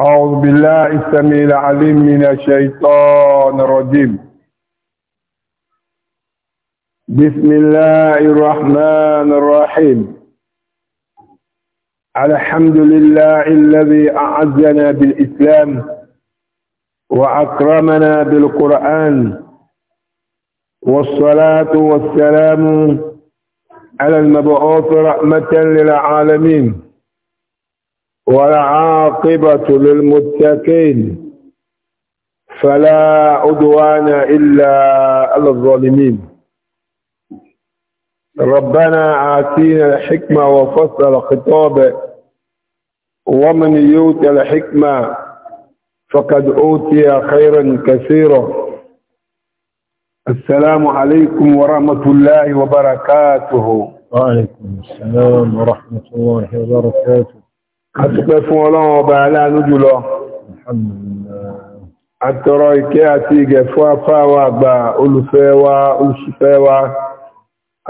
أعوذ بالله السميع العليم من الشيطان الرجيم بسم الله الرحمن الرحيم الحمد لله الذي أعزنا بالإسلام وأكرمنا بالقرآن والصلاة والسلام على المبعوث رحمة للعالمين والعاقبة للمتقين فلا عدوان إلا على الظالمين ربنا آتينا الحكمة وفصل الخطاب ومن يوت الحكمة فقد أوتي خيرا كثيرا السلام عليكم ورحمة الله وبركاته وعليكم السلام ورحمة الله وبركاته àtúpẹ́ fún ọlọ́run ọba aláàánú jùlọ àtọrọ ìkẹ́ àti ìgẹ̀ fún afá wa àgbà olùfẹ́ wa olùsùfẹ́ wa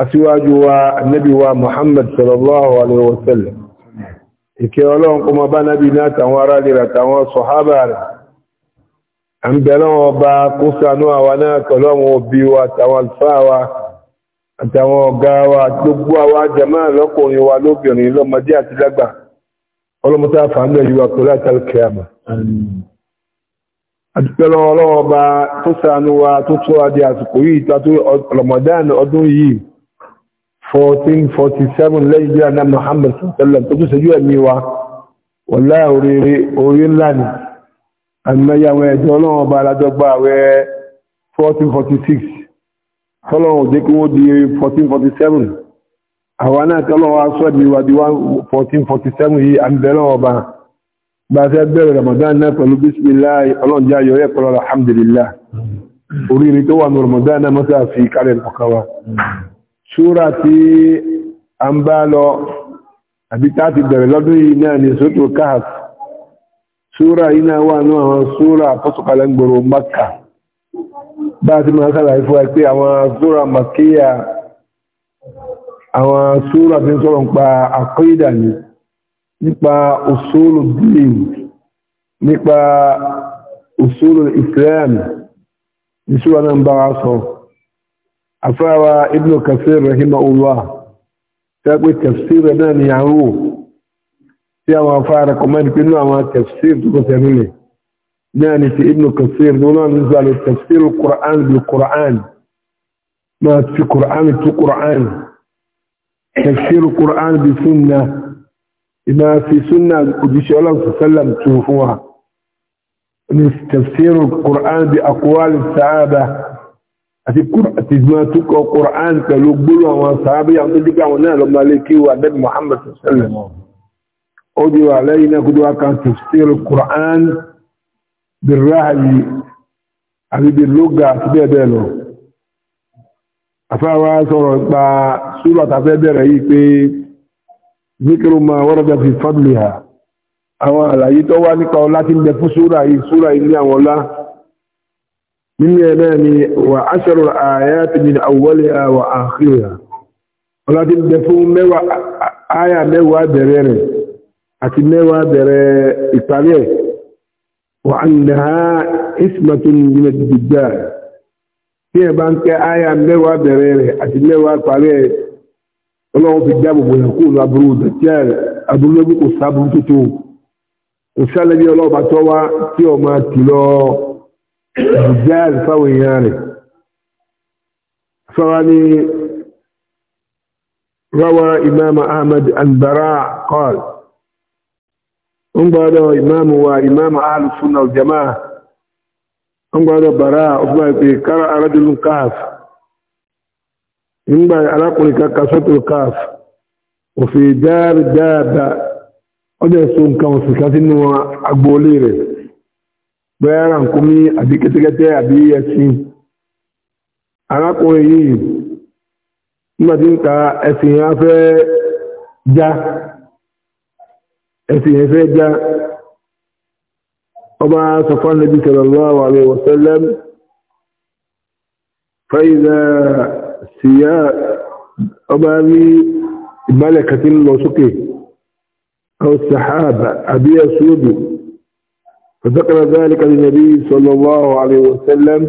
aṣíwájú wa nẹ́bí wa Muhammad sallallahu alaihi wasallam ìkẹ́ ọlọ́run kọmọ bá nẹ́bí náà tàwọn ará lè ràtàwọn sọ̀hábà rẹ̀ à àtàwọn ọ̀gá wa gbogbo àwa jàmáà lọ́kùnrin wa lóbìnrin lọ́mọdé àti lágbàá ọlọ́mọta fàánà yíwa pẹ̀lú àtàlùkẹ́àmà. àdúpẹ́lọ ọlọ́wọ́ bá tó sànú wa tó tó adé àsìkò yìí tàbí ọlọ́mọdáàni ọdún yìí 1447 lẹ́yìn jẹ́ àná Muhammad sallam tó tún sẹ́jú ẹ̀mí wa wọ̀lá oríire orí ńlá ni àmìmẹ́yàwó ẹ̀jọ́ ọlọ́wọ́ bá alájọgbà àwẹ̀ 1446 tọ́lọ́wọ́ jẹ́ kí wọ́n 1447 àwọn náà tọ́lọ́ wa sọ́ di wa di 1447 yìí àbẹ̀rẹ̀ ọba bá fẹ́ bẹ̀rẹ̀ Ramadan náà pẹ̀lú bismillah ọlọ́njẹ́ ayọ̀ rẹ̀ pẹ̀lú alhamdulillah oríire tó wà ní Ramadan náà mọ́sá fi kárẹ̀ ọ̀kan ṣúra tí a ń bá lọ àbí tá bẹ̀rẹ̀ lọ́dún yìí náà ní sótò káàf àwọn súra tí ń sọ̀rọ̀ nípa àkídà ni nípa usulu din nípa usulu islam ní súra náà ń bá wa sọ afáwa ibn Kathir rahimahullah tẹ́gbẹ́ tafsir rẹ̀ náà ni à ń wò tí àwọn afára kọmọ́ni pínú àwọn tafsir tó kọ́ tẹ̀lé ناني في ابن كثير دولان نزل تفسير القرآن بالقرآن ما في قرآن في قرآن tafsir Qur'an bi sunna ìmá fi sunna òjíṣẹ́ ọlọ́run sallam tún fún wa ní tafsir Qur'an bi aqwali sahaba àti ìgbìmọ̀ tó kọ Qur'an pẹ̀lú gbólú àwọn sahaba yàtọ̀ tó dìgbà àwọn náà lọ́mọ alẹ́ kí wa bẹ́ẹ̀ Muhammad sallam ó di wà lẹ́yìn náà kúdúwà kan tafsir Qur'an bi rahayi àti bi lugha àti bẹ́ẹ̀ bẹ́ẹ̀ lọ afáwa sọ̀rọ̀ gbàá súrà tàfẹ́ bẹ̀rẹ̀ yìí pé zikiru ma warada fi fadliha àwọn àlàyé tó wá nípa ọlá tí ń bẹ fún súrà yìí súrà yìí ní àwọn ọlá nínú ẹ̀ náà ni wà áṣẹ́rù àyàtì min awwaliha wa akhiriha ọlá tí ń bẹ fún mẹ́wàá àyà mẹ́wàá bẹ̀rẹ̀ rẹ̀ àti mẹ́wàá bẹ̀rẹ̀ ìparí ẹ̀ wà annaha ismatun min ad-dajjal tí ẹ̀ bá ń kẹ́ àyà mẹ́wàá bẹ̀rẹ̀ rẹ̀ àti mẹ́wàá parí ẹ̀ ọlọ́run fi dáàbò bò yàn kúrò lábúrú dọ̀tí ẹ̀rẹ̀ abúlébù kò sábúrú tó tó kò sálẹ̀ bí ọlọ́ọ̀bá tó wá tí ọ máa tì lọ dùjáàl fáwọn èèyàn rẹ̀ fáwọn ni rawa imam ahmed anbara qal ń gbọ́dọ̀ imam wa imam ahlus sunnah wal ń gbọ́dọ̀ bara ọgbà ìpè kára arábìnrin káàfù nígbà alákùnrin kan ka sọ́tò káf òfin jáàrí dáadáa ọjọ́ èso nǹkan òsì kan sínú agboolé rẹ̀ bẹ́ẹ̀ ara nǹkan mi àbí kẹ́tẹ́kẹ́tẹ́ àbí ẹṣin alákùnrin yìí nígbà tí ń ka ẹṣin yẹn fẹ́ já ẹṣin yẹn fẹ́ já ọba sọfọ́n nabi sallallahu alaihi wasallam fẹ́ ìlẹ́ síyá ọba rí ìbálẹ̀ kàtí lọ sókè ọ̀sàhábà àbí ẹ̀sùn odò فذكر ذلك للنبي صلى الله عليه وسلم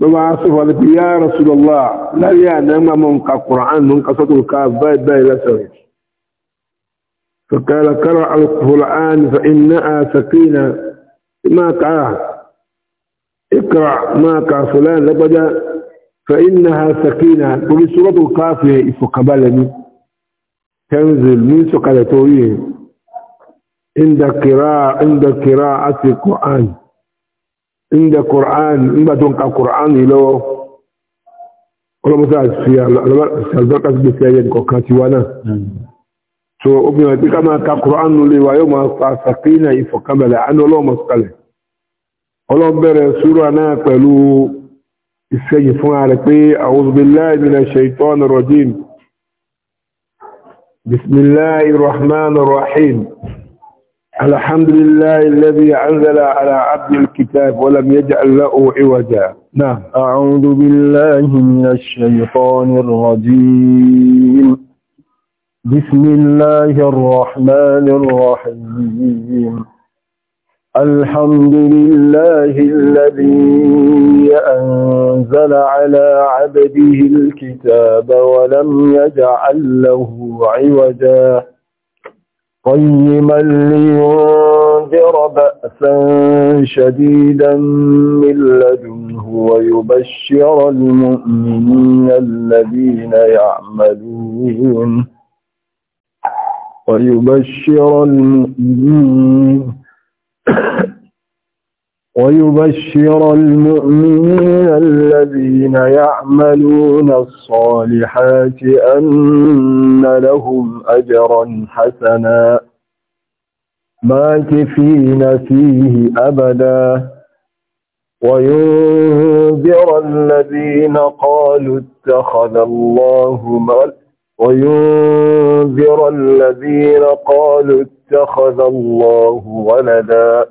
lọ́wọ́ aṣọ́fà ní pé yá Rasulullah láyé àdámà mọ́ nǹka Qur'an mọ́ nǹka sọ́tò ká báyìí báyìí lásọ̀rọ̀ فقال قرأ القرآن فإنها سكينة ما قرأ اقرأ ما قرأ فلان لقد فإنها سكينة ومن سورة القافية إفقبلني تنزل من سكالتوية عند قراءة عند قراءة القرآن عند قرآن عند تنقى قرآن له ولا مساعد فيها سألتك أسبت لأيين كوكاتي وانا so obìnrin àti ká máa ka Kùránù lè wà yóò máa fa sàkínà ìfọ̀kànbalẹ̀ àánú السيد فون على كي أعوذ بالله من الشيطان الرجيم بسم الله الرحمن الرحيم الحمد لله الذي أنزل على عبد الكتاب ولم يجعل له عوجا نعم أعوذ بالله من الشيطان الرجيم بسم الله الرحمن الرحيم الحمد لله الذي أنزل على عبده الكتاب ولم يجعل له عوجا قيما لينذر بأسا شديدا من لدنه ويبشر المؤمنين الذين يعملون ويبشر المؤمنين ويبشر المؤمنين الذين يعملون الصالحات أن لهم أجرا حسنا ماكفين فيه أبدا وينذر الذين قالوا اتخذ الله مال وينذر الذين قالوا اتخذ الله ولدا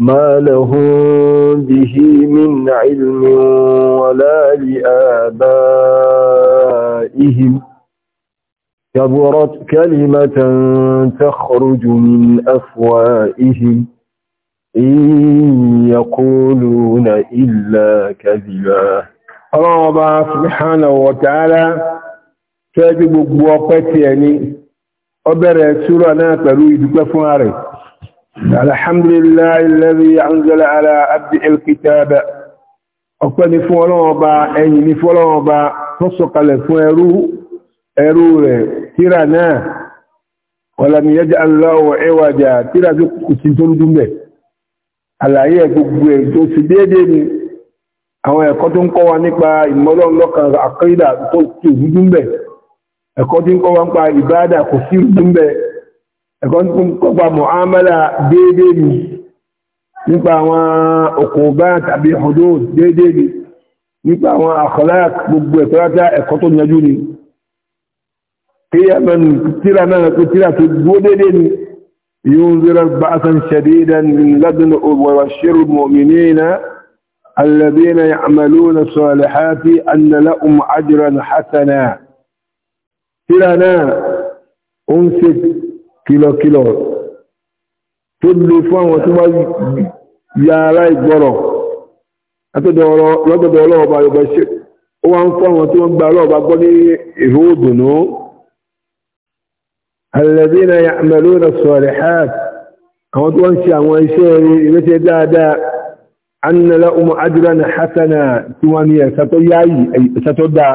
ما لهم به من علم ولا لآبائهم كبرت كلمة تخرج من أفوائهم إن يقولون إلا كذبا الله سبحانه وتعالى تجب بوقتي يعني obere sura náà pẹ̀lú ìdúpẹ́ fún ààrẹ alhamdulillahi alladhi anzala ala abdi alkitaba ọpẹ́ ni fún Ọlọ́run ẹ̀yìn ni fún Ọlọ́run tó sọ̀kalẹ̀ fún ẹrú ẹrú rẹ̀ tíra náà walam tíra tó kù sí tó ń gbogbo ẹ̀ tó sì ẹ̀kọ́ tí ń kọ́ wọn pa ìbáadà kò sí ìdúnbẹ̀ according to ń kọ́ pa mọ̀hámàlà déédé ni nípa àwọn òkòbá tàbí ọdún déédé ni nípa àwọn àkọlá gbogbo ẹ̀kọ́ látà ẹ̀kọ́ tó yanjú ni kí ẹ̀mẹ́nu tíra náà kó tíra tó dúó déédé ni ينذر بأسا شديدا من لدن وبشر المؤمنين الذين يعملون الصالحات أن لهم أجرا حسنا tíra náà ó ń ṣe kìlọ̀kìlọ̀ tó le fún àwọn tí wọ́n ya ara ìgbọ́rọ̀ látọ̀dọ̀ lọ́dọ̀dọ̀ ọlọ́ọ̀bá yorùbá ṣe ó wá ń fún àwọn tí wọ́n gba ọlọ́ọ̀bá gbọ́ ní ìhó òdùnú alẹ́dínà ya'maluna salihat àwọn tó ń ṣe àwọn iṣẹ́ ìrẹsẹ̀ dáadáa annala umu adúlá na hasana tí wọ́n ní ẹ̀sà tó yáyì ẹ̀sà tó dáa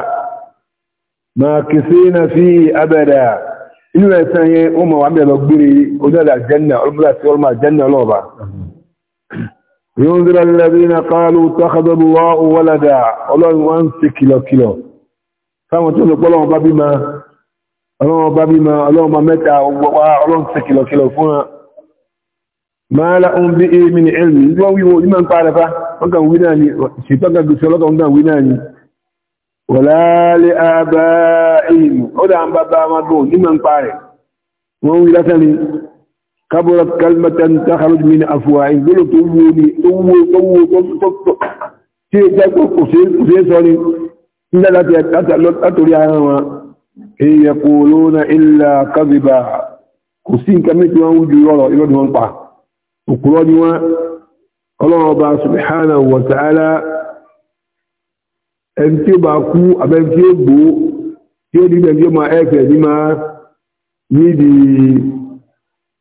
makisina fi abada inú ẹ̀sán yẹn ó mọ̀ wà mẹ́lọ gbére onílẹ̀ àjẹ́nà ọlọ́mọdé àti ọlọ́mọ àjẹ́nà lọ́ọ̀bá ينذر الذين قالوا اتخذ الله ولدا ọlọ́run wọ́n ń ṣe kìlọ̀kìlọ̀ fáwọn tó lọ́pọ̀ ọlọ́run bá bímọ ọlọ́run bá bímọ ọlọ́run bá mẹ́ta wá ọlọ́run ṣe kìlọ̀kìlọ̀ fún wọn ma la un bi min ilmi wọ́n wíwo ní ma ń pàdàfà wọ́n kàn ولا لآبائهم ولا عن بابا مدون لمن قارئ وهو لثني كبرت كلمة تخرج من أفواههم قلوا تقولي تقولي تقولي تقولي تقولي تقولي تقولي إن لا تتلي عنها إن يقولون إلا كذبا كسين كميت وانوجي يرى إبن وانقع وقراني الله سبحانه وتعالى ẹni tí ó bá kú abẹ́ni tí ó gbó tí ó ní ìgbẹ́ tí ó máa ẹ̀fẹ̀ ní máa nídi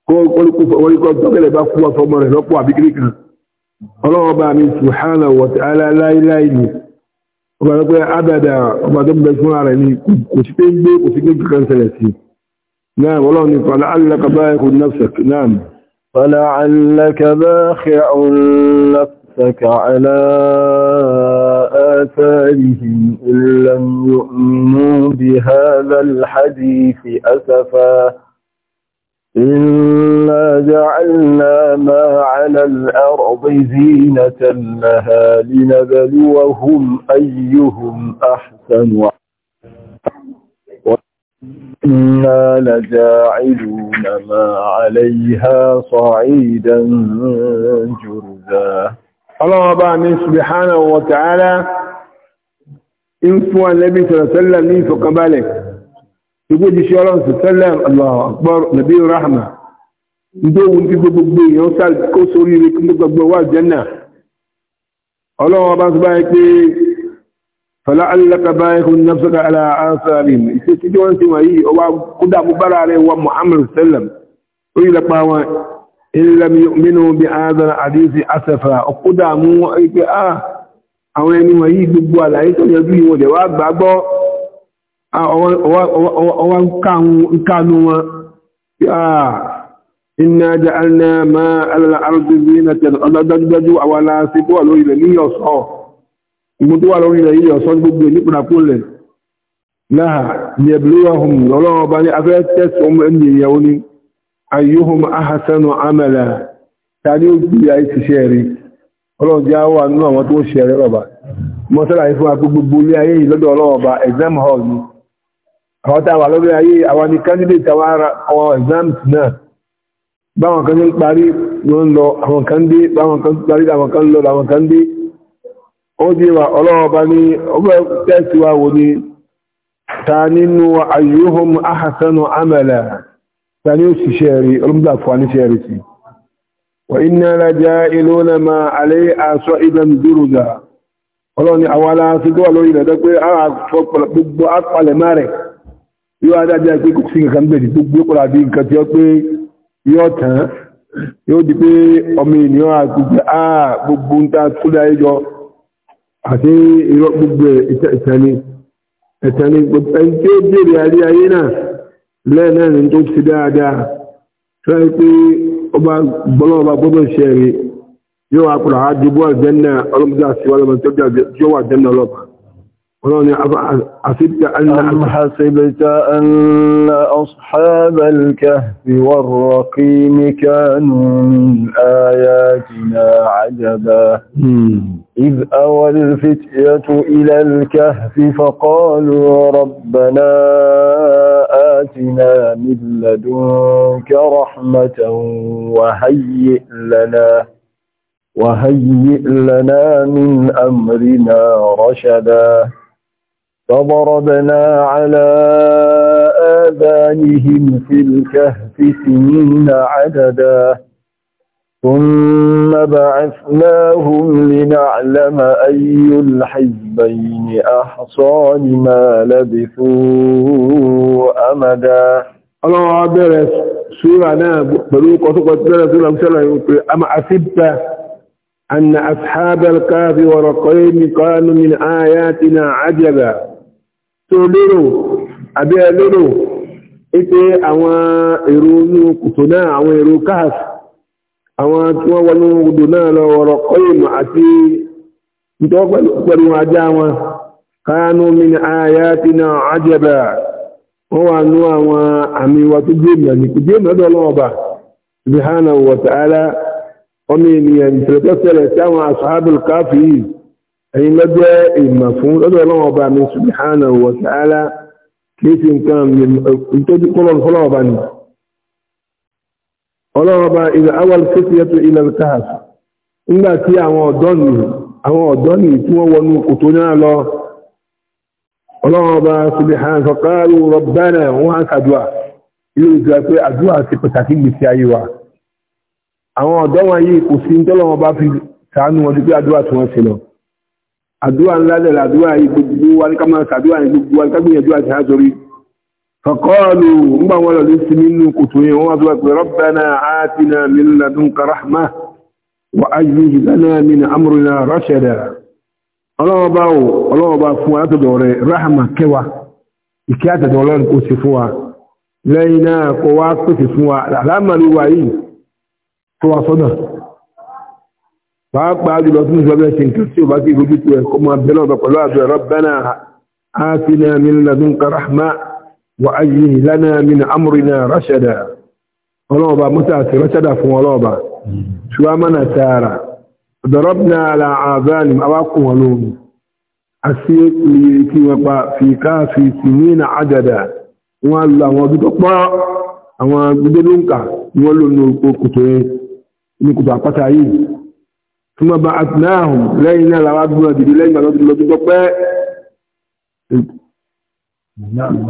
kọ́lùkọ́ tọ́kẹ̀lẹ̀ bá kú ọ̀tọ́ ọmọ rẹ̀ lọ́pọ̀ àbíkiri kan ọlọ́wọ́ bá mi subhanahu wa ta'ala láíláí ni ọba rẹ̀ pé abẹ́dà ọba tó bẹ fún ara ní kò sí pé ń gbé kò sí pé kankan ṣẹlẹ̀ sí náà ọlọ́run ní pàlà alẹ́kà bá ẹkùn náà pàlà alẹ́kà آثارهم إن لم يؤمنوا بهذا الحديث أسفا إنا جعلنا ما على الأرض زينة لها لنبلوهم أيهم أحسن وإنا لجاعلون ما عليها صعيدا جرزا ọlọ́wọ́ bá ní subhanahu wa ta'ala in fún annabi sallallahu ní ìfọ̀kànbalẹ̀ gbogbo jíṣẹ́ ọlọ́run sallam allahu akbar nabi rahma ndé ohun tí gbogbo èèyàn sá kó sórí rẹ̀ kí gbogbo wà jẹ́nà ọlọ́wọ́ bá sọ báyìí pé fala alaka báyìí kún nafsaka ala in lam yu'minu bi hadha al-hadith asafa oqdamu ipe ah àwọn ẹni wọ̀nyí gbogbo àlàyé tó yanjú yìí wọ́n dẹ̀ wá gbàgbọ́ ọwá kánú wọn ah inna ja'alna ma al-ardi zinatan ọlọ́dájúdájú àwọn aláṣepọ̀ wà lórí rẹ̀ ní ọ̀sọ́ ìmútó wà lórí rẹ̀ yìí ọ̀sọ́ gbogbo nípìnàkúnlẹ̀ láà yẹ̀bùlúwà hùn lọ́lọ́wọ́ bá ní afẹ́ tẹ́sùn ẹni ìyàwó ni ayyuhu ahsanu amala tani ó gbé ti ṣe ọlọ́run jẹ́ àwọn nínú àwọn tó ṣe rẹ̀ rọ̀bà mọ́sálà yìí fún wa ilé ayé yìí lọ́dọ̀ exam hall ni àwọn tá a wà lọ́dọ̀ ayé àwa ni candidate àwọn ara àwọn exams náà báwọn kan ń parí ló ń lọ àwọn kan dé báwọn kan parí àwọn kan kan dé ó wa ni ọgbẹ́ tani ó sì ṣe rí olùdá fún ṣe rí sí wà iná rájá ilú na ma alẹ́ aṣọ idan dúrúgà ọlọ́ni àwọn aláṣí tó wà lórí ìrẹ̀dẹ́ pé a fọ́ gbogbo apalẹ̀ má rẹ̀ yóò adájá pé kò sí nǹkan bẹ̀rẹ̀ gbogbo pọ̀lá bí nǹkan tí ó pé yóò tán yóò di pé ọmọ ènìyàn àgbègbè a gbogbo ń ta kúlẹ̀ ayéjọ àti irọ́ gbogbo ẹ̀tẹ́ni ẹ̀tẹ́ni gbogbo ẹni tí ó jèrè ayé náà lẹ́ẹ̀lẹ́ ní tó ti dáadáa tó yẹ pé ọba gbọ́lọ́ ọba gbọ́dọ̀ ṣe rí yóò wá pẹ̀lú àwọn àdìbò àjẹ́nà ọlọ́mọdé àṣìwá lọ́mọdé tó wà jẹ́nà ọlọ́pàá ولون حسبت أن أم حسبت أن أصحاب الكهف والرقيم كانوا من آياتنا عجبا إذ أوى الفتية إلى الكهف فقالوا ربنا آتنا من لدنك رحمة وهيئ لنا وهيئ لنا من أمرنا رشدا فضربنا على آذانهم في الكهف سنين عددا ثم بعثناهم لنعلم أي الحزبين أحصى لما لبثوا أمدا الله عبرس سورة ناب بلوك وثقة ثلاثة لم سلعوا أم أسبت أن أصحاب الكاف ورقين كانوا من آياتنا عجبا تولوا أبي لولو إتي أوا إرونو كتنا أوا إرو كهف àwọn tí wọ́n wọnú odò náà lọ kọ́yìmọ̀ àti ìtọ́ pẹ̀lú ajá wọn kánú min ayatina ajaba wọ́n wà ní àwọn àmì wa tó jẹ́ ní kò jẹ́ ìmọ̀ lọ́wọ́ ọba subhanahu wa ta'ala ọmọ ènìyàn ìtẹ̀lẹ́tọ́ sí àwọn asahabul káfí ẹ̀yin lọ́jọ́ ìmọ̀ fún lọ́dọ̀ ọba mi subhanahu wa ta'ala kí n ọlọ́rọ̀bá ilẹ̀ awal kéfìyàtò ilẹ̀ káàs nígbà tí àwọn ọ̀dọ́ ní àwọn ọ̀dọ́ ní tí wọ́n wọnú kòtò náà lọ ọlọ́rọ̀bá subhanahu faqalu rabbana wọ́n á sàdúà ilé ìjọba pé àdúà ti pàtàkì gbèsè ayé wa àwọn ọ̀dọ́ wọn yìí kò sí tọ́lọ́wọ́n bá fi sàánú wọn pé فقالوا ما ولا ليس منه كتوين ربنا آتنا من لدنك رحمة وأجلج لنا من أمرنا رشدا الله باو الله باو فوا تدوري رحمة كوا إكيات دولان كوسي فوا لينا قوات كوسي فوا لما نوائي فوا صدا فأقبع جلو سنسوا بيشن كرسي وباكي فجيتوا كما بلو بقلوا ربنا آتنا من لدنك رحمة وأيه لنا من أمرنا رشدا ولوبا متأتي رشدا فولوبا شو أمنا سارا ضربنا على آذان أواقم ولوم أسيق ليكي وقا في كافي سنين عددا والله وضبطا أما بدلونك يولو نكتوين نكتو أقطعين ثم بعثناهم لينا لوابنا بدلين ما نضبطا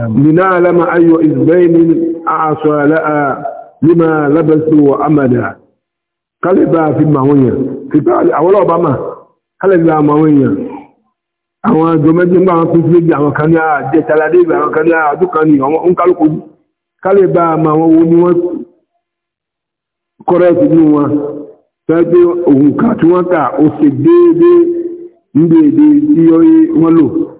لنعلم أي إذبين أعصى لها لما لبسوا أمدا قلبا في المهوية في بعض أولا أبما قلبا مهوية àwọn àjọmẹ́jì ba fi sí méjì àwọn kan ní àjẹtàládé ìgbà àwọn kan ní àdúkan a àwọn oúnkálùkù kálẹ̀ bá a àwọn owó ní wọ́n kọ́rẹ́ẹ̀tì wọn tẹ́gbẹ́ òǹkà tí wọ́n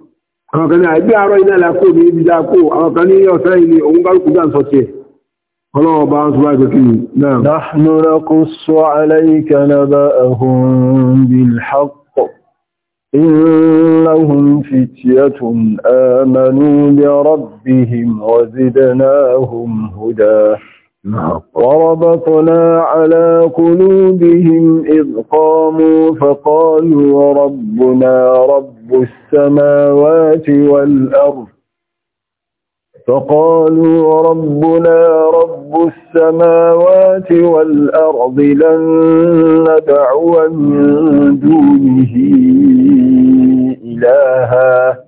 àwọn kan ní àìbí àárọ̀ iná ìlàkó ní ibi dákó àwọn kan ní ọ̀sẹ́ ilé òun kálùkù dá ń sọ tí ẹ̀ ọlọ́wọ́ bá ń sọ́bá ìgbẹ̀kì náà nahnu naqussu alayka naba'ahum bil haqq innahum fityatun amanu bi rabbihim wa zidnahum huda وربطنا على قلوبهم إذ قاموا فقالوا ربنا رب السماوات والأرض فقالوا ربنا رب السماوات والأرض لن ندعو من دونه إلها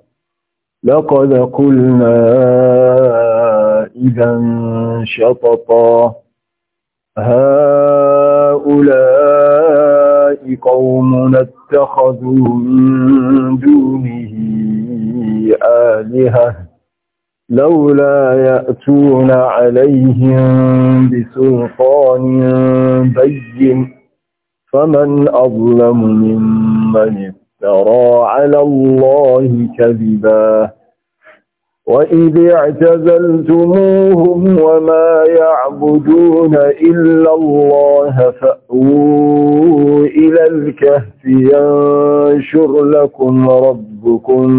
لقد قلنا إذا شططا هؤلاء قومنا اتخذوا من دونه آلهة لولا يأتون عليهم بسلطان بين فمن أظلم ممن افترى على الله كذباً وإذ اعتزلتموهم وما يعبدون إلا الله فأووا إلى الكهف ينشر لكم ربكم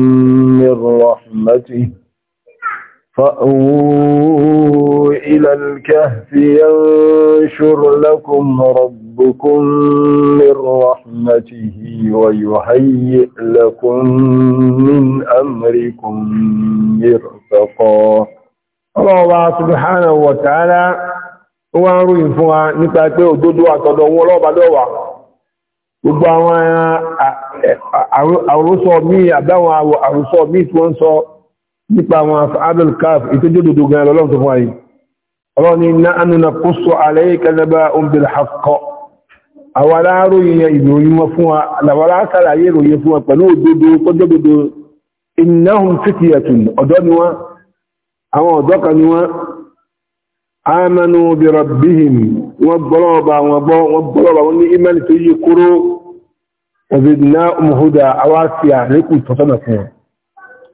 من رحمته فأووا إلى الكهف ينشر لكم ربكم من رحمته ويهيئ لكم من أمركم مرفقا الله سبحانه وتعالى هو أروي فوا نتاكي ودودو أتدو ولو بدوا gbogbo àwọn àrùsọ míì àbáwọn àrùsọ míì nípa àwọn abdul kaf ìtẹ́jọ́dọ̀dọ̀ gan lọ́lọ́run tó fún ayé ọlọ́run ni na anuna kúsọ aláyékalẹ́bá ombil hakọ àwọn aláròyìn ìròyìn wọn fún wa làwọn alásàlàyé ìròyìn fún wa pẹ̀lú òdodo tọ́jọ́dodo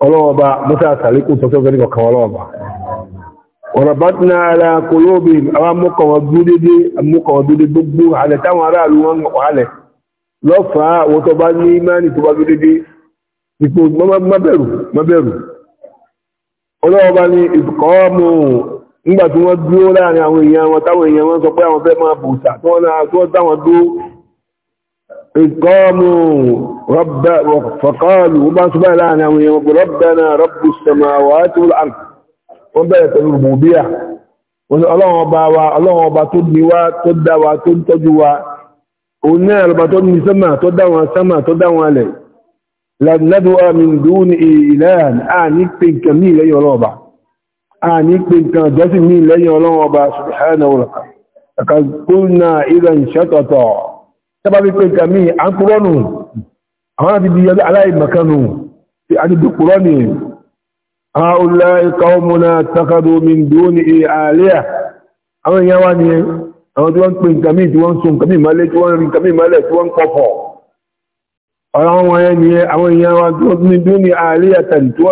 ọlọ́ọba mọ́ta àtàríkùn tọ́tọ́ gẹ́rẹ́ kọ̀kan ọlọ́ọba ọ̀rọ̀bátínà ara kòlóòbí àwọn dúdé gbogbo táwọn aráàlú wọn lọ́fàá bá ní mẹ́rin tó bá dúdédé ipò mọ́bẹ̀rù ọlọ́ọba ni ìkọ́ọ̀mù nígbà tí wọ́n dúró láàrin àwọn èèyàn wọn táwọn èèyàn wọn sọ pé àwọn fẹ́ máa bùsà tí wọ́n قاموا رب فقالوا ما سبحانه لنا ربنا رب السماوات والأرض وبدأت الربوبية ọlọ́run ọba wa ọlọ́run ọba tó ní wá tó dá wa tó ń tọ́jú wa òun náà ọba tó ní sẹ́mà tó dá wọn sẹ́mà tó dá wọn alẹ̀ lẹ́dùn àmìndú ní ìlẹ́yàn a ní pé nǹkan ní ìlẹ́yìn ọlọ́run ọba a ní pé nǹkan jọ́sìn ní ìlẹ́yìn ọlọ́run ọba subhanahu wa ta'ala qulna idhan shatata sábà wípé nǹkan míì à ń kúrọ́ nù àwọn àti di aláìmọ̀kan nù tí a ti dùkúrọ́ nì àwọn olùlá ikọ̀ ọmọnà takado mindu ní àlẹ́à àwọn èèyàn wá ní àwọn tí wọ́n ń pè nǹkan míì tí wọ́n ń sun nǹkan míì mọ́lẹ̀ tí wọ́n ń rí nǹkan míì mọ́lẹ̀ tí wọ́n ń kọ̀kọ̀ ọ̀rọ̀ wọn yẹn ni àwọn èèyàn mú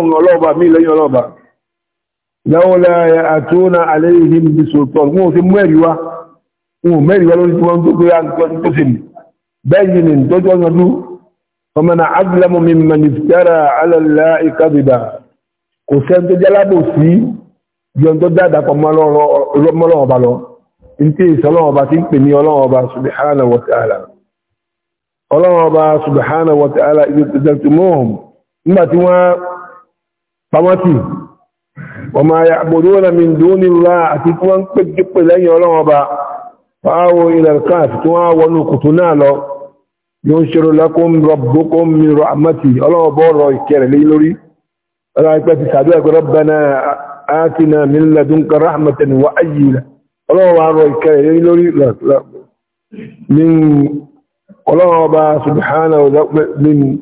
àwọn ọlọ́ọ̀bà wọn mẹ́rin wọn lórí tí wọ́n tó gbéra nǹkan tó sì bẹ́ẹ̀ yìí ni tọ́jú ọ̀nàdú ọmọnà adúlámù mi mẹ́nìtẹ́rà alẹ́lá ìkàbìdà kò sẹ́ni tó jálábò sí yọ̀n tó dáadáa pọ̀ mọ́lọ́wọ́ ọba lọ ntí ìsọlọ́wọ́ ọba ti ń pè ní ọlọ́wọ́ ọba subhanahu wa ta'ala ọlọ́wọ́ ọba subhanahu wa ta'ala ìdẹ̀tùmọ́hùn nígbà tí wọ́n pamọ́tì ọmọ ayàbòdó فاو إلى الكهف تواونوا لو ينشر لكم ربكم من رحمتي الله بورو لي لوري الله يكبت سعدوك ربنا آتنا من لدنك رحمة واجل الله بورو لي لوري لا لا من الله سبحانه من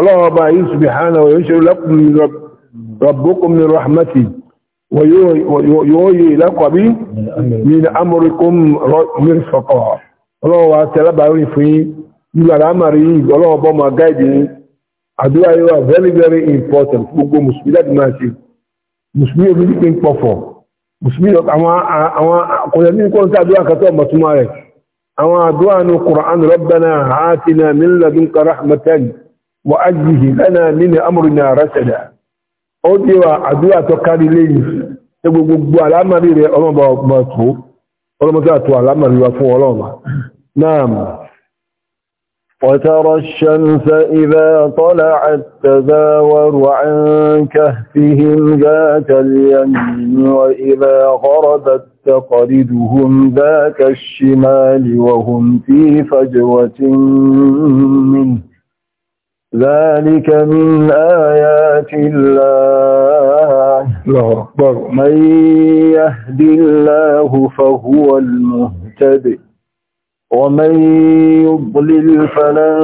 الله سبحانه وينشر لكم من رب ربكم من رحمتي wọ́yí ìlẹ́kọ̀ọ́bí ní amúrikún mìírìsọ̀kọ̀ ọlọ́wọ́ tẹ́lábàárí fún ìlú àlámàrí ọlọ́wọ́bọ́ ma gáìdì ní àdúrà yíwa very very important gbogbo musulmi láti máa ṣe musulmi omi ní pín pọ̀fọ̀ musulmi àwọn akọ̀yẹ̀ ní àdúrà kàtọ́ ó di wa àdúrà tó kárí lẹ́yìn tó gbogbo àlámàrí rẹ̀ ọlọ́mọba ọmọ tó ọlọ́mọdé àtò àlámàrí wa fún ọlọ́mọ náà وترى الشمس إذا طلعت تزاور عن كهفهم ذات اليمين وإذا غربت تقرضهم ذات الشمال وهم في فجوة منه ذلك من آيات الله الله أكبر من يهد الله فهو المهتد ومن يضلل فلن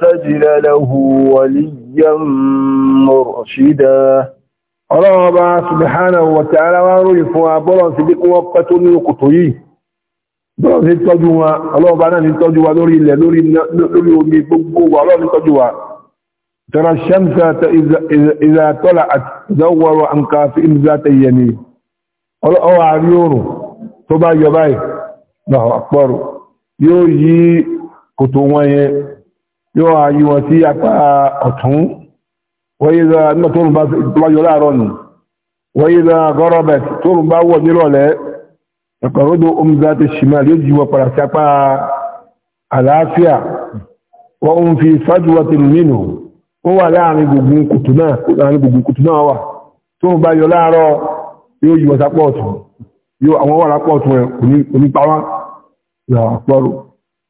تجد له وليا مرشدا الله سبحانه وتعالى وارجي فوا بقوة سبق وقت نقطي بلون سيتوجوا الله أبا الله لوري لوري لوري gbogbo wa الله tọ́jú ترى الشمس إذا, إذا, إذا طلعت زوروا عن كافئين ذات اليمين ọlọ́wọ́ àrí oòrùn tó bá yọ báyìí náà àpọ̀rù yóò yí kòtò wọn yẹn yóò àyí wọn sí apá ọ̀tún wọ́yíza náà tóòrùn bá yọ láàárọ̀ nù wọ́yíza gọ́rọ̀bẹ̀t tóòrùn bá wọ̀ nírọ̀lẹ́ ẹ̀kọ̀rọ̀dọ̀ omizá ti ṣìmá yóò jí wọn padà sí apá àlàáfíà wọ́n ń fi sájúwọ́ ti nínú wọ́n wà láàrin gbogbo kùtù náà láàrin gbogbo kùtù náà wà tó ń bá yọ láàárọ̀ yóò yíwọ sápọ̀ọ̀tù yóò àwọn wà lápọ̀ọ̀tù rẹ̀ onípawá láàpọ̀rù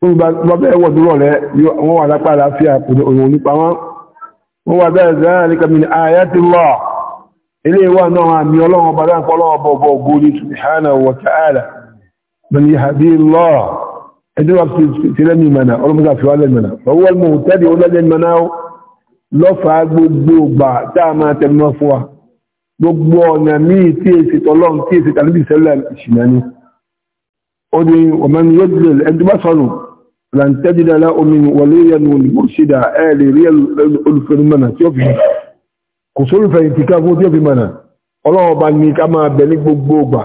tó ń bá bẹ́ẹ̀ wọ̀ tó rọ̀lẹ́ yóò àwọn wà lápá àlàáfíà onípawá wọ́n wà bẹ́ẹ̀ lọ́fàá gbogbo ìgbà tá a máa tẹ̀mọ́ fún wa gbogbo ọ̀nà míì tí èsì tọ́lọ́n tí èsì tàbí ìṣẹ́lẹ̀ ìṣìnà ni ó ní ọmọ ni yóò dìrẹ̀ ẹni tó bá sọnù làǹtẹ́dìdára omi wọlé yẹnu olùmọ̀ṣídà ẹ̀ lè rí olùfẹ́numọ̀nà tí ó fi kò sólùfẹ́ ìtìká fún tí ó fi mọ̀nà ọlọ́wọ́ bá ní ká máa bẹ̀ ní gbogbo ìgbà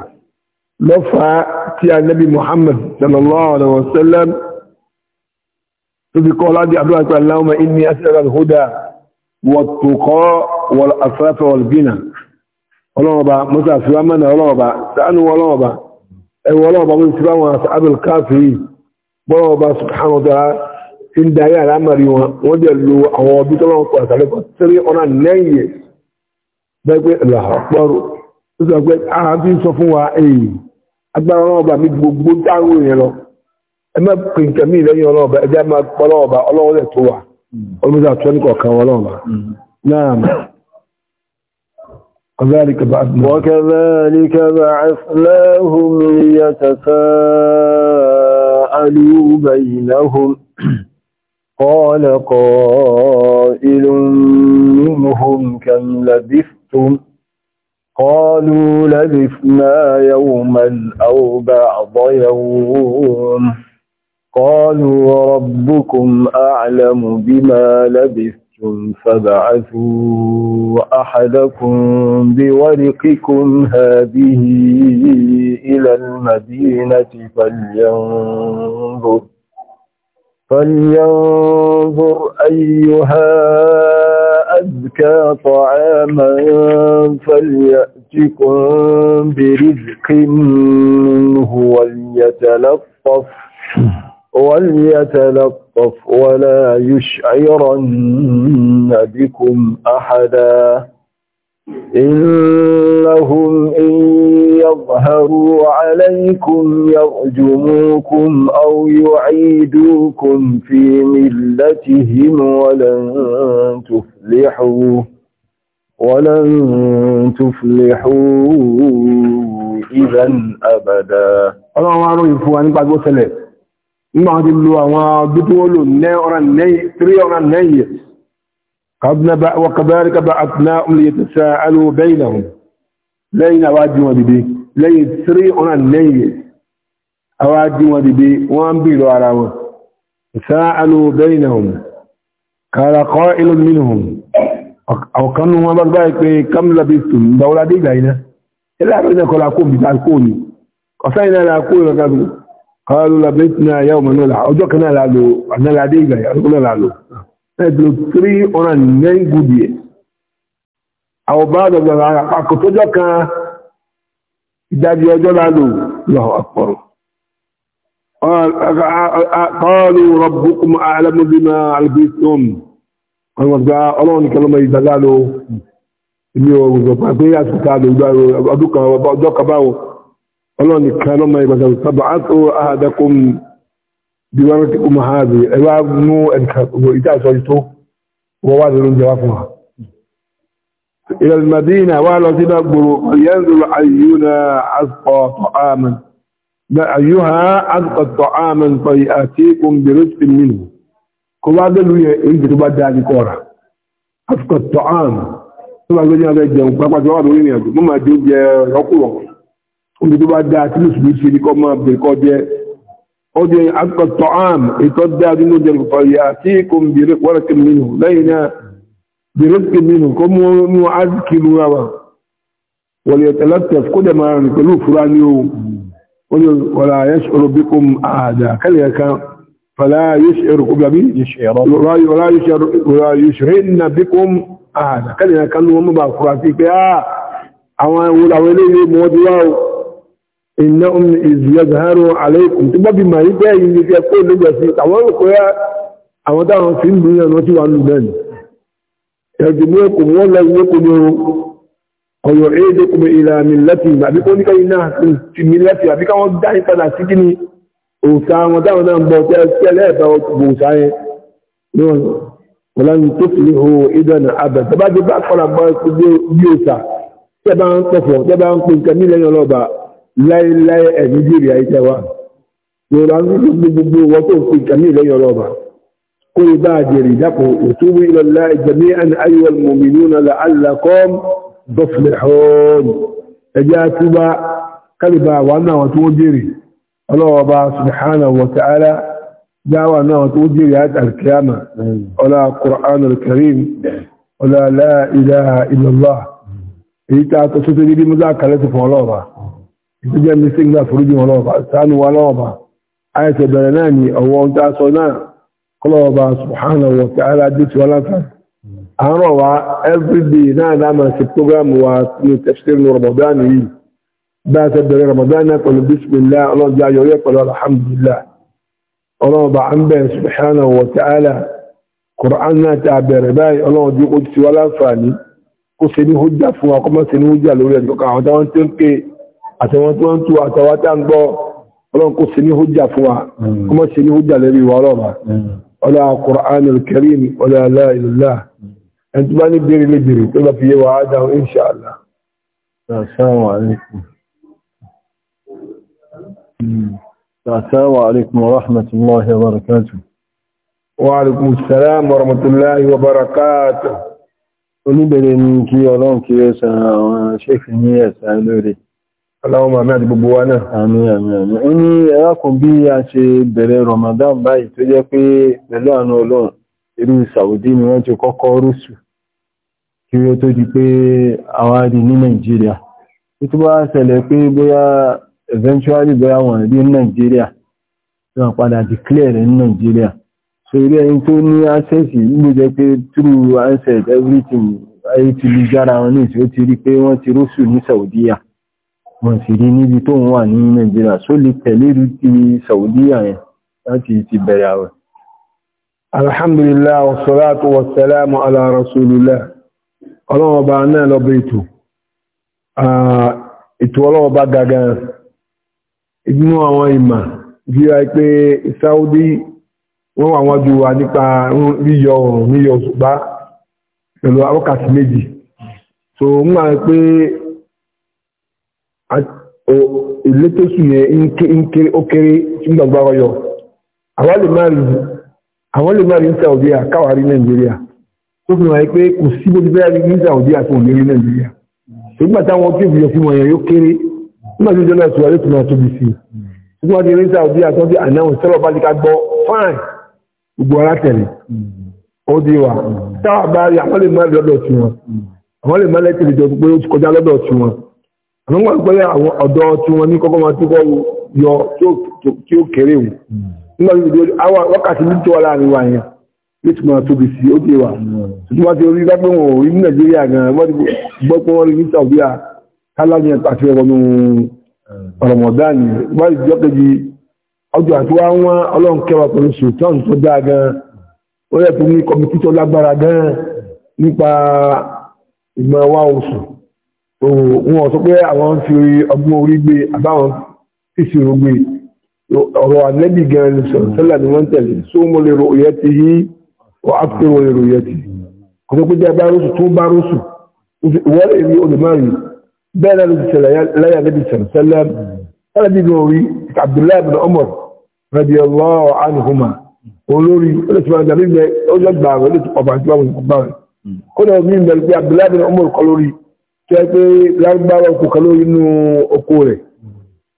lọ́fàá tí Ànábì Muhammad sallallahu alaihi wasallam tó fi kọ́ والتقاء والأسراف والبنى ọlọ́ọ̀bá mọ́sá fi musa mẹ́nà ọlọ́ọ̀bá dánú ọlọ́ọ̀bá ẹwọ ọlọ́ọ̀bá mọ́ sí báwọn àbẹ̀l káàfì bọ́ọ̀bá subhanahu wa ń darí àlámàrí wọn wọ́n lo Hmm. olùdó àtúwẹ́lì kọ̀ọ̀kan wọn lọ́wọ́ náà وكذلك بعثناهم ليتساءلوا بينهم قال قائل منهم كم لبثتم قالوا لبثنا يوما أو بعض يوم قالوا ربكم أعلم بما لبثتم فبعثوا أحدكم بورقكم هذه إلى المدينة فلينظر فلينظر أيها أذكى طعاما فليأتكم برزق منه وليتلطف وليتلطف ولا يشعرن بكم أحدا إنهم إن يظهروا عليكم يرجموكم أو يعيدوكم في ملتهم ولن تفلحوا ولن تفلحوا إذا أبدا الله أعلم يفوان بعد وسلم nígbà wọn ti lo àwọn ọdún tí wọ́n lò three hundred and nine years وكذلك بعثناهم ليتساءلوا بينهم لين واجي ودي لين تري اون النية اواجي ودي وان بيلو على وان تساءلوا بينهم قال قائل منهم او كانوا ما بالبايك كم لبثتم دولة دي لينا الا بينا كلا كون بتاع الكون وساينا لا كون قالوا لبيتنا يوم نلعب أجوك نلعب نلعب نلعب نلعب تري أنا نين جودي أو بعد ذلك أكو تجوك إذا يجوا لعلو الله أكبر قالوا ربكم أعلم بما ألبستم قالوا الله نكلم إذا لعلو إني وزبا كي أسكالو أدوك أدوك باو ọlọ́ni kan lọ́mọ ìgbàsà sábà àtò àádẹ́kùn bí wọ́n ti kúmọ̀ ha bí ẹwà mú ìta àṣọ ìtó wọ́n wá lórí oúnjẹ wá fún wa ilẹ̀ madina wá lọ sí gbòrò yẹnzu ayyuna asqọ ta'aman da ayyuha asqọ ta'aman fa yatikum bi rizqin minhu ko wa da luye in ti ba da ni kora asqọ ta'am to ba go ni abe jẹun papa jo wa lórí ni ajo omi tó bá dá tí lùsùlù ṣe ní kọ́ máa bèèrè kọ́ jẹ́ ọdún akọ̀tọ̀ àm ètò dá nínú jẹ́ kọ̀tọ̀ yà tí kò ń bèèrè wọ́rẹ̀kì mínú lẹ́yìn náà bèèrè kì mínú kọ́ mú mú ákìlú rawa wọlé tẹlẹtẹ kó dẹ̀ máa rìn pẹ̀lú fúra ní o wọlé yẹ ṣòro bí kò àdá kálíyà kan fàlá yẹ ṣòro kó gbàbí bí kò àdá innahum izyazaharu alaykum tí bọ́bí màá yín bẹ́ẹ̀ yìí fi ẹ̀kọ́ ìlú gbẹ̀sí àwọn olùkọ́ yá àwọn táwọn fi ń lù yàn wọ́n ti wà lù náà ni ẹ̀dùn ní ẹkùn wọ́n lọ ìwé kò ní o ọ̀yọ̀ èdè kùmọ̀ ìlànà lẹ́tì àbí kó ní káyìn náà ti mi lẹ́tì àbí káwọn dá yín padà sí kí ni òòsà wọn táwọn náà ń bọ̀ tẹ́ ẹlẹ́ẹ̀bá òòsà yẹn wọ́n tó fi hó ìdáná abẹ́ tẹ́bá dé bá kọ́ra bá bí òòsà tẹ́bá ń pẹ̀fọ̀ tẹ́bá ń pè nǹkan nílẹ̀ yẹn lọ́ba láéláé ẹ̀mí jìrì àìtẹ́ wa yorùbá ń gbogbo gbogbo wọ́n tó fi kàmí lẹ́yìn ọlọ́ba kó ibá àjèrè dápò òtúwé ìlọ́lá ìjẹ̀mí àni ayọ̀l mọ̀mìnúnà làálàkọ́m dọ́fìlẹ̀họ́n ẹjẹ́ àtúbá kálíbà wà náà wọ́n tó jèrè ọlọ́ọba subhanahu wa ta'ala dáwà náà wọ́n tó jèrè àti alkiyama ọlá qur'an alkarim ọlá la ilaha illallah èyí tá a tó tó tó dídí mú ìtújẹ́ mi sí ìgbà foríjì wọn lọ́wọ́ sánú wa lọ́wọ́ ayẹsẹ̀ bẹ̀rẹ̀ náà ni ọwọ́ ń tá sọ náà kọlọ́wọ́ subhanahu wa ta'ala dé tí wọ́n lásán àárọ̀ wa everyday náà dáma sí program wa ní tafsir ní Ramadan yìí bá a ṣe bẹ̀rẹ̀ Ramadan náà pẹ̀lú bismillah ọlọ́jà yọ̀ọ́yẹ́ pẹ̀lú alhamdulillah ọlọ́wọ́ bá ń bẹ̀rẹ̀ subhanahu àtẹwọn tó ń tu àtàwọn tá ń gbọ́ ọlọ́run kò sí ní hujja fún wa kó mọ́ sí ní hujja lẹ́rí wa ọlọ́ba mm. ọlá Qur'an al-Karim ọlá aláìlá ẹni tó bá ní bèrè lè bèrè tó bá fi yé wa ádáhùn inṣàlá. Assalamu alaikum. Mm. Assalamu alaikum wa rahmatullahi wa barakatuh. Wa alaikum assalam wa rahmatullahi wa barakatuh. Oníbẹ̀rẹ̀ ni kí ọlọ́run kí ẹ̀sà àwọn ṣéfì ní ẹ̀sà lórí aláwọ̀mọ̀ àmì àti gbogbo wa náà. àmì àmì àmì ó ní ẹ̀rákùn bí a ṣe bẹ̀rẹ̀ Ramadan báyìí tó jẹ́ pé pẹ̀lú àánú Ọlọ́run irú Saudi ni wọ́n ti kọ́kọ́ rúṣù kí ó tó di pé àwárí ní Nàìjíríà tó tó bá ṣẹlẹ̀ pé bóyá eventually bóyá wọ́n rí ní Nàìjíríà tí wọ́n padà declare rẹ̀ ní Nàìjíríà so ilé ẹni tó ní access ló jẹ́ pé through access everything ayé ti lu jára wọn ní ìṣó ti rí pé wọ́n ti rúṣù ní Saudiya wọ́n sì rí níbi tó wà ní Nàìjíríà só lè tẹ̀lé rú ti Saudiya yẹn láti ti bẹ̀rẹ̀ àwẹ̀ alhamdulillah wassalatu wassalamu ala rasulillah ọlọ́wọ́ba náà lọ bí ètò ètò ọlọ́wọ́ba gagan inú àwọn ìmà bí i pé Saudi wọ́n wà wọ́n ju wa nípa yíyọ oòrùn yíyọ òṣùpá pẹ̀lú wákàtí méjì so ń gbà pé ilé tó sùn yẹn ó kéré nígbàgbà ọyọ àwọn lè má rí àwọn lè má rí ní Saudi káwà rí Nàìjíríà tó fi wáyé pé kò sí bó ti bẹ́ẹ̀ rí ní Saudi àti òní rí Nàìjíríà nígbà táwọn tí ìbùyọ̀ fún wọn yẹn yóò kéré nígbà tí ìjọba ìṣòwò yóò tún máa tóbi sí i nígbà tí rí Saudi àti wọn ti ànáhùn sọ́rọ̀ bá ti ká gbọ́ fáìn gbogbo ara tẹ̀lé ó di wa táwọn bá rí àwọn lè má rí lọ́dọ̀ tiwọn àwọn lè má lẹ́tẹ̀lé àmọ́ wọ́n pẹ́ àwọn ọ̀dọ́ tí wọ́n ní kọ́kọ́ máa túkọ́ yọ tí ó kéré wù nígbà tí àwọn wákàtí ní tíwọ́ láàrin wa yẹn ló ti máa tóbi sí ó dé wa tí wọ́n ti rí lápẹ́ wọn ò rí ní nàìjíríà gan wọ́n ti gbọ́ pé wọ́n rí ní saudi a kálání àti ẹ̀rọ nù Ramadan wọ́n ti jọ́ kejì ọjọ́ àti wá wọn ọlọ́run kẹwàá pẹ̀lú sultan tó dáa wọn sọ pé àwọn ń fi ọgbọ́n orí gbé àbáwọn ìṣirò gbé ọ̀rọ̀ ànẹ́bì gan sọ̀rọ̀sẹ́là ni wọ́n tẹ̀lé só mo lè ro òyẹ́ ti yí wọ́n á pé wọ́n lè ro òyẹ́ ti kò tó pé jẹ́ bá rọ́sù tó bá rọ́sù wọ́n lè rí olùmọ́rin bẹ́ẹ̀ náà ló ti ṣẹlẹ̀ láyà ànẹ́bì sọ̀rọ̀sẹ́là ànẹ́bì gan orí Abdullahi bin Umar radiyallahu anhuma olórí olùsọ̀rọ̀ àgbà mi bẹ ọjọ́ gbà rẹ̀ ọba àti ọba rẹ̀ kó tẹ́ pé lágbára ọkọ̀ kan lórí inú oko rẹ̀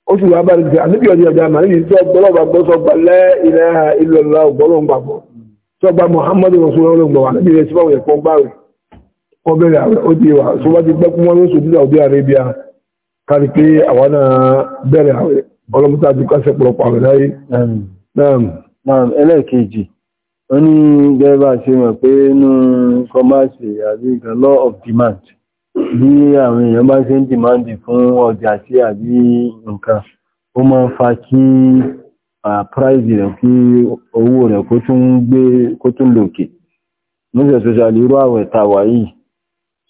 ó sì wá bára jẹ́ àníbí ọdí ọjà mà níbi tí ọgbọ́lọ́ bá gbọ́ sọ gbalẹ́ ilẹ̀ ìlọ́lá ọgbọ́lọ́ ń papọ̀ tó gba muhammadu rasulullah ló ń gbọ́ wà níbi rẹ̀ tí wọ́n yẹ kọ́ gbà rẹ̀ wọ́n bẹ̀rẹ̀ àwẹ̀ ó di wà tó bá ti gbẹ́ kún wọn lóṣù ní Saudi Arabia kárí pé àwa náà bẹ̀rẹ̀ àwẹ̀ ọlọ́mọta ju kásẹ̀ pọ̀lọpọ̀ àwẹ̀ láyé. ẹlẹ́ẹ̀kejì ó ní gẹ́gẹ́ bá ṣe mọ̀ pé inú of demand bí àwọn èèyàn bá ṣe ń dìmáǹdì fún ọjà sí àbí nǹkan ó máa ń fa kí price rẹ̀ kí owó rẹ̀ kó tún gbé kó tún lòkè nígbà tó irú àwẹ̀ tàwà yìí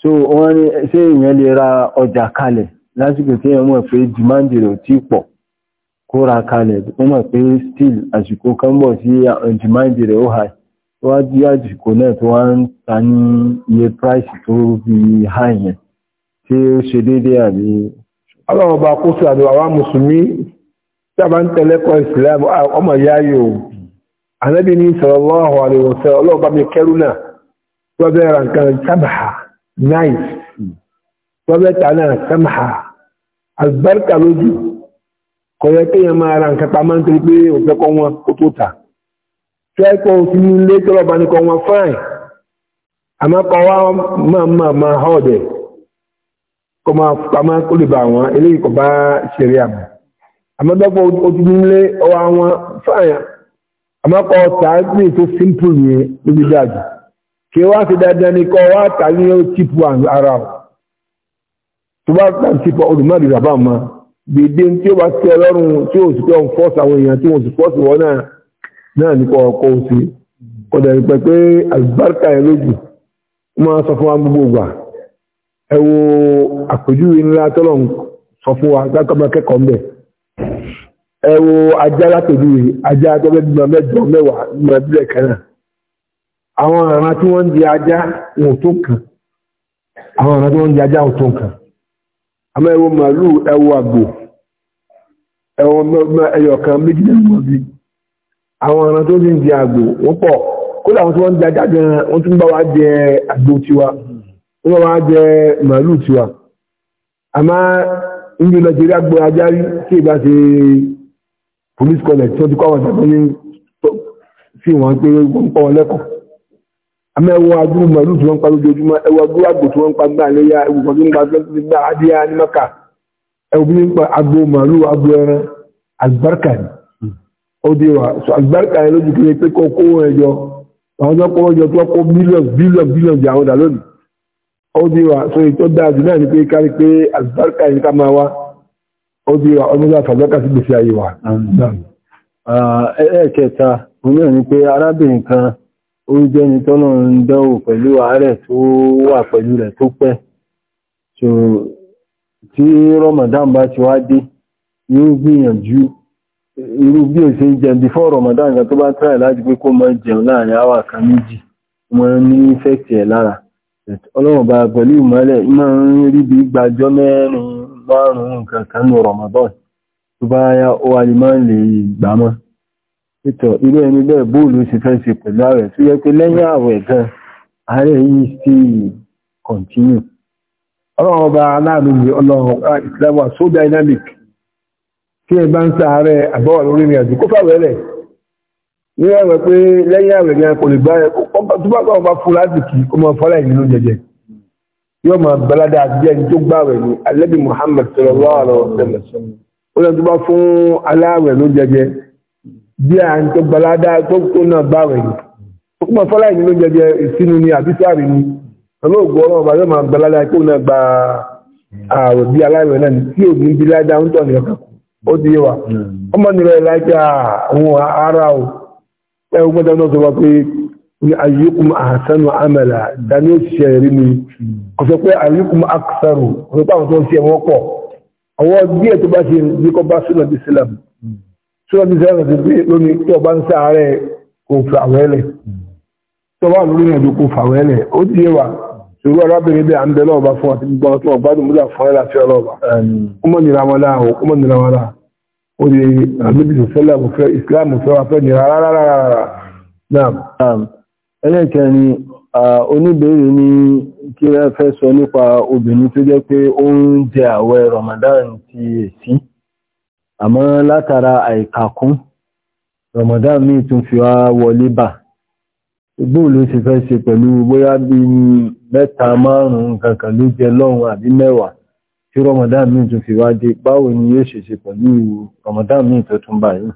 so wọ́n ní ṣé èèyàn lè ra ọjà kalẹ̀ lásìkò tí èèyàn mọ̀ pé dìmáǹdì rẹ̀ ò tí pọ̀ kó ra kalẹ̀ wọ́n mọ̀ pé still àsìkò kan bọ̀ sí dìmáǹdì rẹ̀ ó high tó wá di àsìkò náà tó wá ń ta ní iye price tó fi high yẹn tí ó ṣe dédé àbí ọlọ́run bá kó sàdù àwọn mùsùlùmí tí a bá ń tẹ́lẹ́kọ́ islam ọmọ ìyá yóò ní sallallahu alaihi wasallam ọlọ́run bá mi kẹ́rù náà tọ́bẹ̀ ra nǹkan sábàá náìs tọ́bẹ̀ tà náà sábàá albarka lójú kò yẹ kéèyàn máa ra nǹkan pamọ́ nítorí pé òfẹ́ kọ́ wọn ó tó tà tí òfin ní ilé tọ́lọ́ba ní kọ́ wọn fáìn àmọ́ kọ́ wa máa máa máa hàn kọ́ máa pamọ́ kó lè bá àwọn eléyìí kọ́ bá ṣeré àmọ́ àmọ́dọ́pọ̀ ojúlé ọwọ́ àwọn fáyà àmọ́kọ́ tààgbìn tó simple yẹn níbi dájú kí wá sí dáadáa ní kọ́ wá tààgbì yẹn chipu ara ọ̀ tó bá tààgbì chipu olùmọ̀dé bàbá mọ́ gbèdé tí ó bá sí ọlọ́run tí ó sì pé òun fọ́ọ̀sì àwọn èèyàn tí wọ́n sì fọ́ọ̀sì wọn náà náà ní kọ́ ọkọ̀ òsì kọ́dà ìpẹ́ pé yẹn lójú wọ́n máa sọ fún wa gbogbo ìgbà ẹ wo àpèjúwe ńlá tọ́lọ̀ ń sọ fún wa lákọ́mọ kẹ́kọ̀ọ́ mbẹ̀ ẹ wo ajá látòjúwe ajá tọ́lẹ̀ bímọ mẹ́jọ mẹ́wàá nínú ẹbílẹ̀ kan náà àwọn ọ̀ràn tí wọ́n ń di ajá wọn ò tó nǹkan àwọn ọ̀ràn tí wọ́n ń di ajá wọn ò tó nǹkan àmọ́ ẹ wo màálù ẹ àgbò ẹ wo ẹyọ̀kan méjìlélógún àwọn ọ̀ràn tó ń di àgbò wọ́n pọ̀ kódà wọn tí wọ́n ń di ajá gan wọ́n tún bá wa jẹ àgbò tiwa wọ́n wá jẹ màálù tiwa àmá ìlú nàìjíríà gbọ́ ajárí tí ìgbà ṣe police college tí wọ́n ti kọ́ àwọn ìjàmbá ní sí wọn pé wọ́n pọ̀ wọn lẹ́kọ̀ọ́ àmọ́ ẹwọ́ agbúrú màálù tí wọ́n ń pa lójoojúmọ́ ẹwọ́ agbúrú àgbò tí wọ́n ń pa gbà léyà ẹwọ́ kan ń pa fẹ́ẹ́ gbà adíyà ní mẹ́kà ẹwọ́ wa àlùbáríkà yẹn lójú kiri pé kó kó wọn ẹjọ àwọn tó kọ́ wọn jọ tó kó bílíọ̀nù bílíọ̀nù ó di wa so tó dáa jù náà ni pé kárí pé àlùbáríkà yìí ká máa wá ó di wa ọmọdé àtàlùbáríkà sí gbèsè ayé wa. ẹ̀ẹ́kẹta òun ni pé arábìnrin kan ó ni tọ́nà ń dánwò pẹ̀lú àárẹ̀ tó wà pẹ̀lú rẹ̀ tó Ramadan bá ti wá dé yóò gbìyànjú irú bí Ramadan kan tó bá láti pé kó jẹun láàrin kan ọlọ́run bá pẹ̀lú ìmọ́lẹ̀ máa ń rí bí gbàjọ́ mẹ́rin márùn-ún nǹkan kan ní Ramadan tó bá yá ó wà ní máa ń lè gbà mọ́ ìtọ̀ ilé ẹni bẹ́ẹ̀ bóòlù sì fẹ́ ṣe pẹ̀lú ààrẹ tó yẹ pé lẹ́yìn ààwẹ̀ gan ààrẹ yìí sí ní ẹ̀wẹ̀ pé lẹ́yìn àwẹ̀ yẹn kò lè gbá ẹ̀ tó bá gbàgbọ́ fún láti kì í kó máa fọ́lá ìlú jẹjẹ yóò máa balada àbíyá ẹni tó gbà wẹ̀ ní alẹ́bí Muhammad sallallahu alaihi wasallam ó lẹ́nu tó bá fún aláwẹ̀ ló jẹjẹ bí à ń tó balada tó tó náà gbà wẹ̀ ní ó kó máa fọ́lá ìlú jẹjẹ ìsinu ni àbí sáàrì ní bí ládàá ń wa hmm. ọmọ nìrọ̀ ẹ̀ ẹwọ gbọ́dọ̀ náà sọ wá pé ní ayyukum ahsanu amala dání ó ṣiṣẹ́ rí ni kò sọ pé ayyukum aksaru kò sọ pé àwọn tó ń ṣe wọn pọ̀ àwọn díẹ̀ tó bá ṣe ní kọ́ bá súnà bí sílám súnà bí sílám ti pé lónìí tí ọba ń sáré kò fà wẹ́lẹ̀ tó wà lórí ẹ̀dùn kò fà wẹ́lẹ̀ ó ti yé wa irú arábìnrin bí à ń bẹ lọ́ọ̀bá fún àti gbogbo àwọn tó wà gbádùn múlà fún ẹ̀lá sí ọlọ́ọ̀bá kúmọ̀ nira wọn láàwọ̀ kúmọ̀ nira wọn láàwọ̀ ودي النبي صلى الله عليه وسلم اسلام وفاتني لا لا لا لا نعم نعم ele kan ni oníbèrè ni kí ẹ fẹ́ sọ nípa obìnrin tó jẹ́ pé ó ń jẹ àwẹ̀ Ramadan ti èsí Ramadan míì tún fi wá wọlé bà gbóò ló ṣe fẹ́ ṣe pẹ̀lú bóyá bí mẹ́ta márùn-ún kankan ló jẹ lọ́run tí Ramadan mi tún fi wá dé báwo ni yóò ṣe ṣe pẹ̀lú Ramadan mi tó tún báyìí.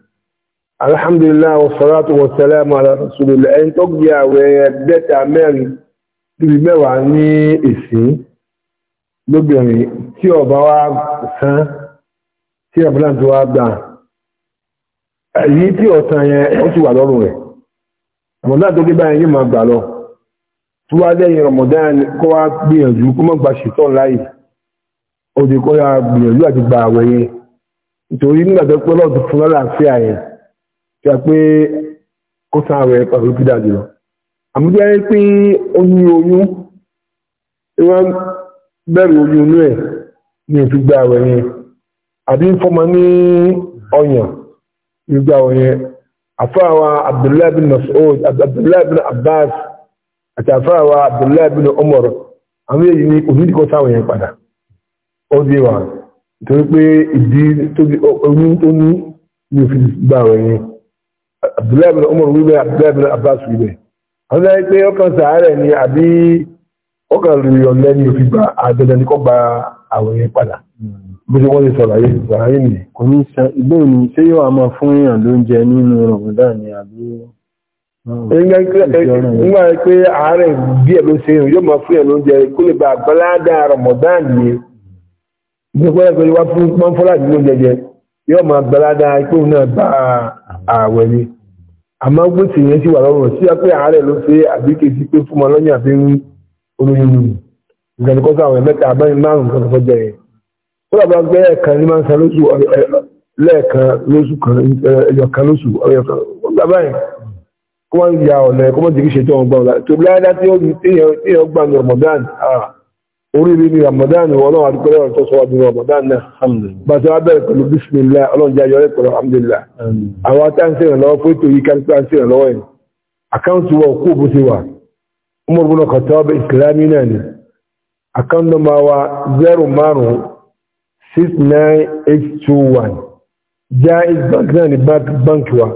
alhamdulillah wa salatu wa salam ala rasulillah ẹni tó gbé àwẹ̀ bẹ́ta mẹ́rin bíbi mẹ́wàá ní èsì lóbìnrin tí ọba wa san tí ọba tó wá gbà èyí tí ọ̀sán yẹn ó sì wà lọ́rùn rẹ̀ Ramadan tó gbé báyìí yóò máa gbà lọ tí wá lẹ́yìn Ramadan kó wá gbìyànjú kó má gba ṣètọ́ láyìí òdì kó yà gbìyànjú àti gba àwẹ̀ yẹn nítorí nígbà tó pé lọ́ọ̀tún fún lálàáfíà yẹn tí a pé kó san àwẹ̀ pàtó kí dàjú lọ. àmújá yẹn pé oyún bẹ̀rù oyún inú ẹ̀ ní gba àwẹ̀ yẹn àbí fọmọ ní ọyàn ní gba àwẹ̀ yẹn àfáàwà Abdullahi Abdullahi Abbas àti ó di torí pé ìdí tó oyún tó ní ní òfin gbà rẹ̀ Abdullahi bin Umar Abdullahi Abbas wíbẹ̀ wọ́n pé ọkàn sàárẹ̀ ni àbí ọkàn rìnrìn ọ̀lẹ́ òfin gba àdọ́dọ́ ní kọ́ gba padà bó ṣe wọ́n sọ̀rọ̀ ayé ayé nìyẹn. kò ní ṣé yóò fún èèyàn nínú Ramadan ni àbí. pé àárẹ̀ ló ṣe yóò máa fún èèyàn kó lè bá Ramadan nìyẹn gbogbo ẹgbẹ́ wa fún pọ́nfọ́lá ìlú jẹjẹ yóò máa gbalada ipò náà bá ààwẹ̀ ni àmọ́ gbèsè yẹn sì wà lọ́rùn sí pé àárẹ̀ ló ṣe àbíkè sí pé fún wọn lọ́yìn àfi ń olóyún nù ìgbàlùkọ́ sí àwọn mẹ́ta abẹ́rin márùn kan tó jẹ yẹn ó dàbí wọn gbé ẹ̀ẹ̀kan ní máa ń san lóṣù lẹ́ẹ̀kan lóṣù kan ẹyọ lóṣù ọyọ ó gbà báyìí kó wọn oríire ní ramadan ọlọ́run àdúgbò tó sọ ọdún ramadan náà bàtí wọ́n bẹ̀rẹ̀ pẹ̀lú bísmìlá ọlọ́run jẹ́ ayọ́rẹ́ pẹ̀lú alhamdulillah àwọn atáǹsì ìrànlọ́wọ́ fún ètò yìí káńtì àǹsì ìrànlọ́wọ́ yìí àkáǹtì wọ̀ kó bó ti wà Umar bin Khattab ìsìlámì náà ni àkáǹtì nọ́mbà wa zero márùn six nine eight two one Jaiz bank náà ni bank wa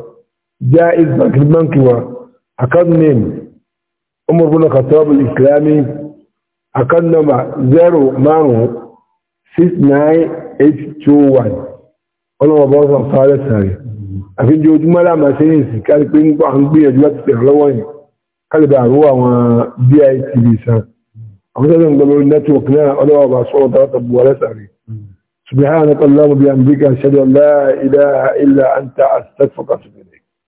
Jaiz bank ni Account number zero six nine eight two 0569821. Ọlọ́wọ́ bọ́ sọ sáré sáré. Àfi jẹ́ ojúmọ́ láàmà sí ìsìn kárí pé ń gbìyànjú láti tẹ̀rẹ̀ lọ́wọ́ yìí. Kálíbà àrúwà àwọn DITV san. Àwọn sọ́dọ̀ ń gbọ́lórí network náà ọlọ́wọ́ bá sọ́rọ̀ tọ́tọ̀ bu wọlé sáré. Subhanaka Allahumma bi amdika ashhadu an la ilaha illa anta astaghfiruka wa atubu